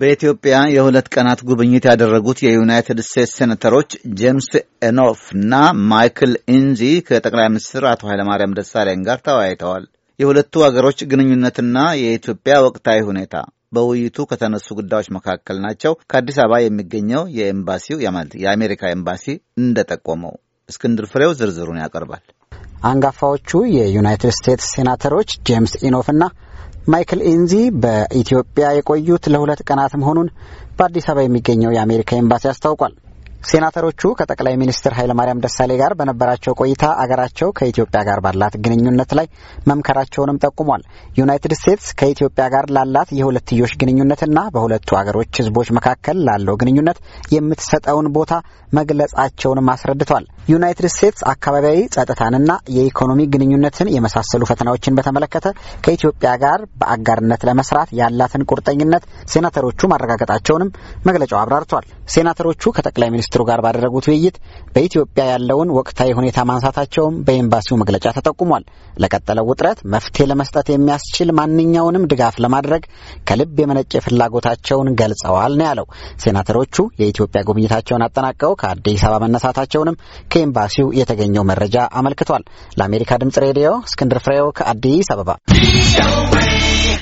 በኢትዮጵያ የሁለት ቀናት ጉብኝት ያደረጉት የዩናይትድ ስቴትስ ሴኔተሮች ጄምስ ኤኖፍ እና ማይክል ኢንዚ ከጠቅላይ ሚኒስትር አቶ ኃይለማርያም ደሳለኝ ጋር ተወያይተዋል። የሁለቱ አገሮች ግንኙነትና የኢትዮጵያ ወቅታዊ ሁኔታ በውይይቱ ከተነሱ ጉዳዮች መካከል ናቸው። ከአዲስ አበባ የሚገኘው የኤምባሲው የአሜሪካ ኤምባሲ እንደጠቆመው እስክንድር ፍሬው ዝርዝሩን ያቀርባል። አንጋፋዎቹ የዩናይትድ ስቴትስ ሴናተሮች ጄምስ ኢኖፍና ማይክል ኢንዚ በኢትዮጵያ የቆዩት ለሁለት ቀናት መሆኑን በአዲስ አበባ የሚገኘው የአሜሪካ ኤምባሲ አስታውቋል። ሴናተሮቹ ከጠቅላይ ሚኒስትር ኃይለማርያም ደሳሌ ጋር በነበራቸው ቆይታ አገራቸው ከኢትዮጵያ ጋር ባላት ግንኙነት ላይ መምከራቸውንም ጠቁሟል። ዩናይትድ ስቴትስ ከኢትዮጵያ ጋር ላላት የሁለትዮሽ ግንኙነትና በሁለቱ አገሮች ሕዝቦች መካከል ላለው ግንኙነት የምትሰጠውን ቦታ መግለጻቸውንም አስረድቷል። ዩናይትድ ስቴትስ አካባቢያዊ ጸጥታንና የኢኮኖሚ ግንኙነትን የመሳሰሉ ፈተናዎችን በተመለከተ ከኢትዮጵያ ጋር በአጋርነት ለመስራት ያላትን ቁርጠኝነት ሴናተሮቹ ማረጋገጣቸውንም መግለጫው አብራርቷል። ሴናተሮቹ ከጠቅላይ ሚኒስትሩ ጋር ባደረጉት ውይይት በኢትዮጵያ ያለውን ወቅታዊ ሁኔታ ማንሳታቸውም በኤምባሲው መግለጫ ተጠቁሟል። ለቀጠለው ውጥረት መፍትሄ ለመስጠት የሚያስችል ማንኛውንም ድጋፍ ለማድረግ ከልብ የመነጨ ፍላጎታቸውን ገልጸዋል ነው ያለው። ሴናተሮቹ የኢትዮጵያ ጉብኝታቸውን አጠናቀው ከአዲስ አበባ መነሳታቸውንም ከኤምባሲው የተገኘው መረጃ አመልክቷል። ለአሜሪካ ድምጽ ሬዲዮ እስክንድር ፍሬው ከአዲስ አበባ